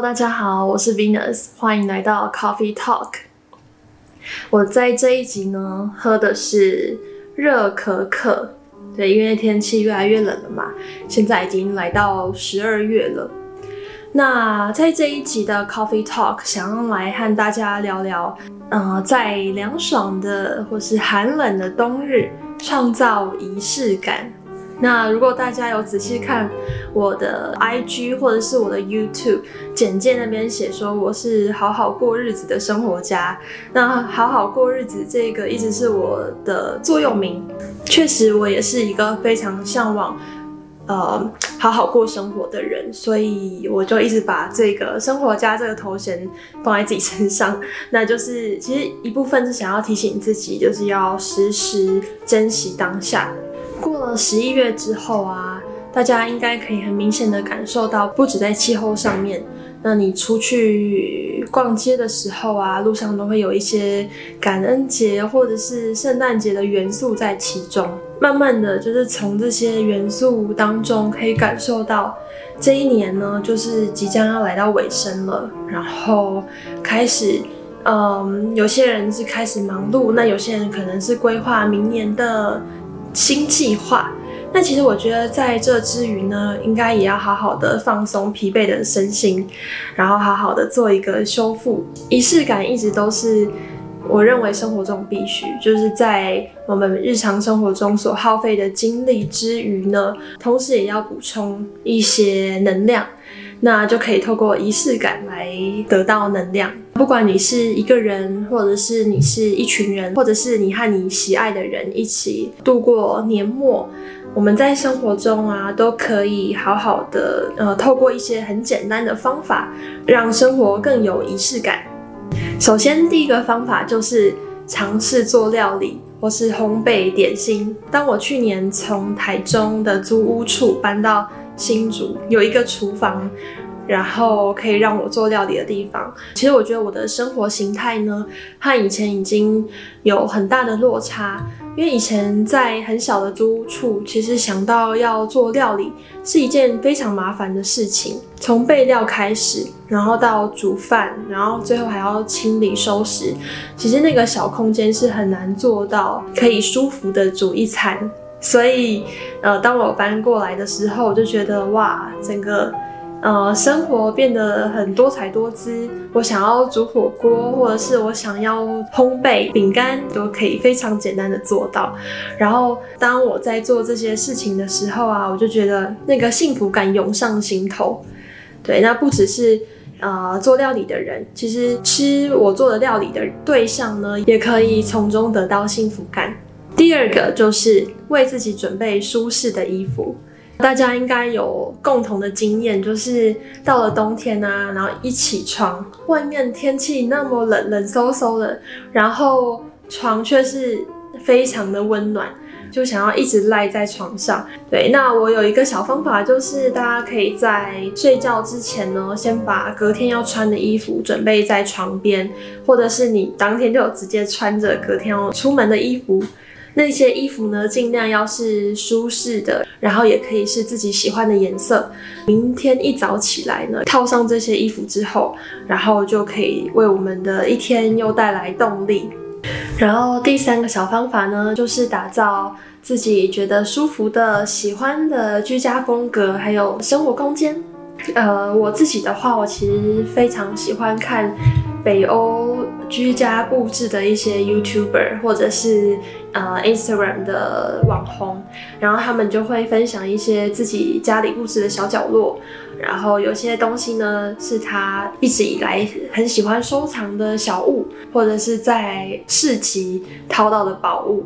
大家好，我是 Venus，歡迎來到 Coffee Talk。我在這一集呢喝的是熱可可，對，因為天氣越來越冷了嘛，現在已經來到十二月了。那在這一集的 Coffee Talk，想要來和大家聊聊，呃，在涼爽的或是寒冷的冬日，創造儀式感。那如果大家有仔細看我的 IG 或者是我的 YouTube 簡介那邊寫說，我是好好過日子的生活家，那好好過日子這個一直是我的座右銘。確實，我也是一個非常向往呃好好過生活的人，所以我就一直把這個生活家這個頭銜放在自己身上。那就是其實一部分是想要提醒自己，就是要時時珍惜當下。過了十一月之後啊，大家應該可以很明顯的感受到，不止在氣候上面，那你出去逛街的時候啊，路上都會有一些感恩節或者是聖誕節的元素在其中。慢慢的就是從這些元素當中，可以感受到這一年呢，就是即將要來到尾聲了。然後開始，嗯，有些人是開始忙碌，那有些人可能是規劃明年的。新計劃，那其實我覺得在這之餘呢，應該也要好好的放鬆疲憊的身心，然後好好的做一個修復。儀式感一直都是。我認為生活中必須，就是在我們日常生活中所耗費的精力之餘呢，同時也要補充一些能量，那就可以透過儀式感來得到能量。不管你是一個人，或者是你是一群人，或者是你和你喜愛的人一起度過年末，我們在生活中啊都可以好好的呃，透過一些很簡單的方法，讓生活更有儀式感。首先，第一個方法就是嘗試做料理或是烘焙點心。當我去年從台中的租屋處搬到新竹，有一個廚房。然後可以讓我做料理的地方，其實我覺得我的生活形態呢，和以前已經有很大的落差。因為以前在很小的租屋處，其實想到要做料理是一件非常麻煩的事情，從備料開始，然後到煮飯，然後最後還要清理收拾，其實那個小空間是很難做到可以舒服的煮一餐。所以，呃，當我搬過來的時候，我就覺得哇，整個。呃，生活變得很多彩多姿。我想要煮火鍋，或者是我想要烘焙餅乾，都可以非常簡單的做到。然後，當我在做這些事情的時候啊，我就覺得那個幸福感湧上心頭。對，那不只是呃做料理的人，其實吃我做的料理的對象呢，也可以從中得到幸福感。第二個就是為自己準備舒適的衣服。大家應該有共同的經驗，就是到了冬天啊，然後一起床，外面天氣那麼冷，冷颼颼的，然後床卻是非常的溫暖，就想要一直賴在床上。對，那我有一個小方法，就是大家可以在睡覺之前呢，先把隔天要穿的衣服準備在床邊，或者是你當天就有直接穿着隔天要出門的衣服。那些衣服呢，盡量要是舒適的，然後也可以是自己喜歡的顏色。明天一早起來呢，套上這些衣服之後，然後就可以為我們的一天又帶來動力。然後第三個小方法呢，就是打造自己覺得舒服的、喜歡的居家風格，還有生活空間。呃，我自己的話，我其實非常喜歡看。北歐居家布置的一些 YouTuber，或者是呃 Instagram 的網紅，然後他們就會分享一些自己家裡布置的小角落，然後有些東西呢，是他一直以來很喜歡收藏的小物，或者是在市集淘到的寶物。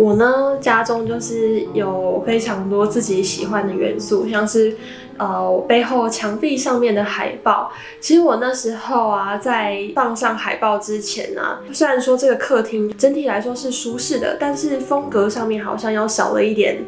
我呢，家中就是有非常多自己喜歡的元素，像是，呃，背後牆壁上面的海報。其實我那時候啊，在放上海報之前啊，雖然說這個客廳整體來說是舒適的，但是風格上面好像要少了一點。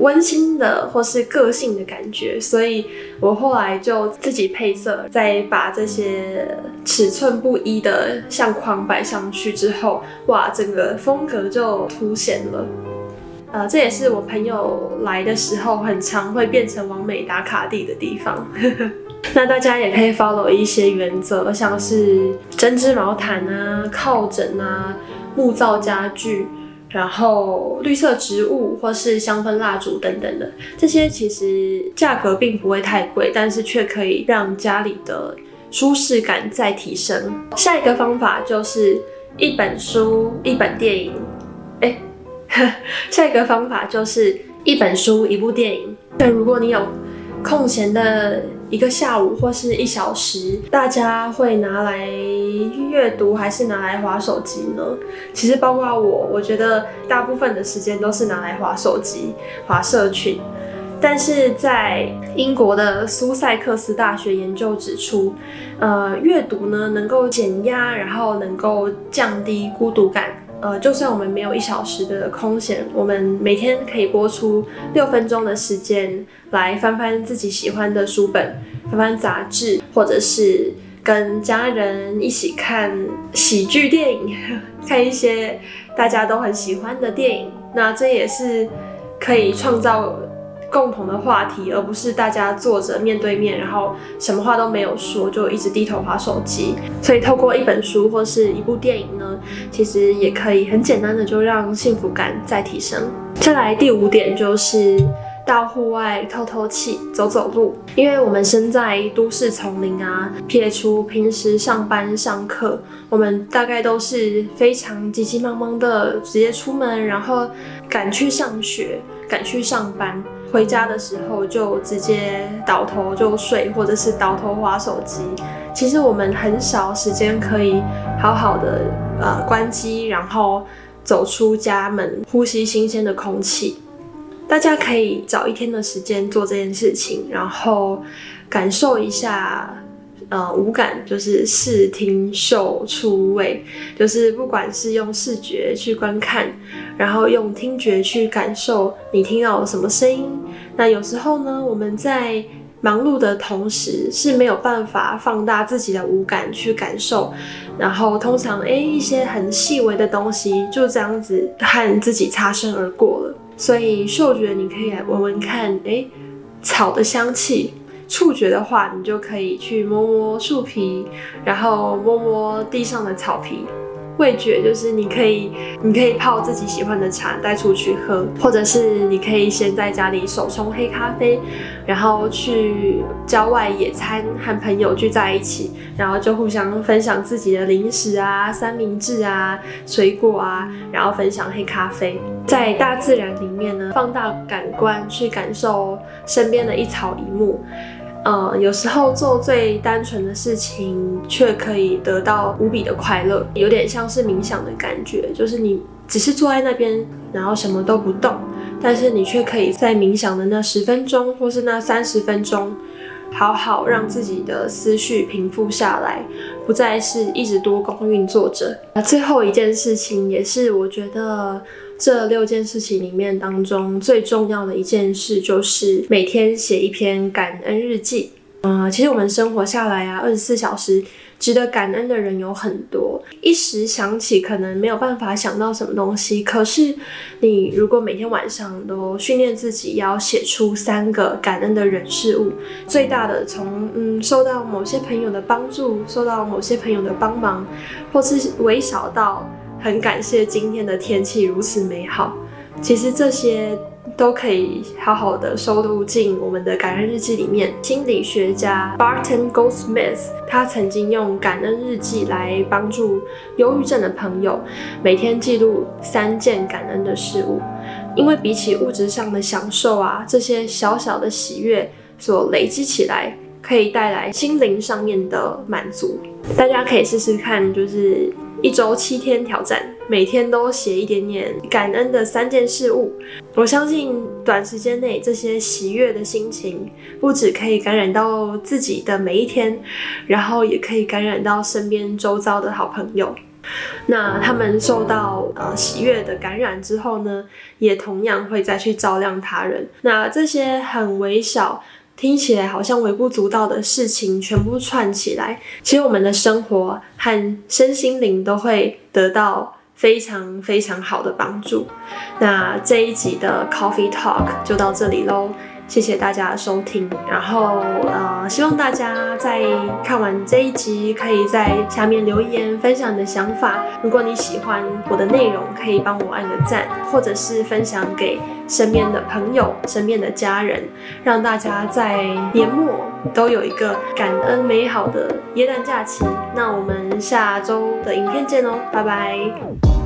溫馨的或是個性的感覺，所以我後來就自己配色，再把這些尺寸不一的相框擺上去之後，哇，整個風格就凸顯了。呃，這也是我朋友來的時候很常會變成網美打卡地的地方。 那大家也可以 follow 一些原則，像是針織毛毯啊、靠枕啊、木造家具。然後綠色植物或是香氛蠟燭等等的，這些其實價格並不會太貴，但是卻可以讓家裡的舒適感再提升。下一個方法就是一本書、一本電影，誒，呵，下一個方法就是一本書、一部電影。但如果你有空閒的。一個下午或是一小時，大家會拿來閱讀還是拿來滑手機呢？其實包括我，我覺得大部分的時間都是拿來滑手機、滑社群。但是在英國的蘇塞克斯大學研究指出，呃，閱讀呢能夠減壓，然後能夠降低孤獨感。呃，就算我們沒有一小時的空閒，我們每天可以撥出六分鐘的時間來翻翻自己喜歡的書本，翻翻雜誌，或者是跟家人一起看喜劇電影，看一些大家都很喜歡的電影。那這也是可以創造。共同的話題，而不是大家坐着面對面，然後什麼話都沒有說，就一直低頭滑手機。所以，透過一本書或是一部電影呢，其實也可以很簡單的就讓幸福感再提升。再來第五點就是到戶外透透氣、走走路，因為我們身在都市叢林啊，撇除平時上班、上課，我們大概都是非常急急忙忙的直接出門，然後趕去上學、趕去上班。回家的時候就直接倒頭就睡，或者是倒頭滑手機。其實我們很少時間可以好好的呃關機，然後走出家門，呼吸新鮮的空氣。大家可以找一天的時間做這件事情，然後感受一下。呃，五感就是視聽嗅觸味，就是不管是用視覺去觀看，然後用聽覺去感受你聽到什麼聲音。那有時候呢，我們在忙碌的同時是沒有辦法放大自己的五感去感受，然後通常誒、欸、一些很細微的東西就這樣子和自己擦身而過了。所以嗅覺你可以來聞聞看，誒、欸，草的香氣。觸覺的話，你就可以去摸摸樹皮，然後摸摸地上的草皮。味覺就是你可以，你可以泡自己喜歡的茶帶出去喝，或者是你可以先在家裡手沖黑咖啡，然後去郊外野餐，和朋友聚在一起，然後就互相分享自己的零食啊、三明治啊、水果啊，然後分享黑咖啡。在大自然裡面呢，放大感官去感受身邊的一草一木。呃、嗯，有時候做最單純的事情，卻可以得到無比的快樂，有點像是冥想的感覺，就是你只是坐在那邊，然後什麼都不動，但是你卻可以在冥想的那十分鐘或是那三十分鐘，好好讓自己的思緒平復下來，不再是一直多工運作着。那、啊、最後一件事情，也是我覺得。這六件事情裡面當中最重要的一件事，就是每天寫一篇感恩日記。嗯，其實我們生活下來啊，二十四小時值得感恩的人有很多，一時想起可能沒有辦法想到什麼東西。可是你如果每天晚上都訓練自己要寫出三個感恩的人事物，最大的從嗯受到某些朋友的幫助，受到某些朋友的幫忙，或是微小到。很感謝今天的天氣如此美好。其實這些都可以好好的收錄進我們的感恩日記裡面。心理學家 Barton Goldsmith 他曾經用感恩日記來幫助憂鬱症的朋友，每天記錄三件感恩的事物，因為比起物質上的享受啊，這些小小的喜悅所累積起來，可以帶來心靈上面的滿足。大家可以試試看，就是。一週七天挑戰，每天都寫一點點感恩的三件事物。我相信短時間內這些喜悅的心情，不只可以感染到自己的每一天，然後也可以感染到身邊周遭的好朋友。那他們受到呃喜悅的感染之後呢，也同樣會再去照亮他人。那這些很微小，聽起來好像微不足道的事情全部串起來，其實我們的生活和身心靈都會得到非常非常好的幫助。那這一集的 Coffee Talk 就到這裡囉。謝謝大家的收聽，然後呃，希望大家在看完這一集，可以在下面留言分享你的想法。如果你喜歡我的內容，可以幫我按個讚，或者是分享給身邊的朋友、身邊的家人，讓大家在年末都有一個感恩美好的耶誕假期。那我們下周的影片見咯，拜拜。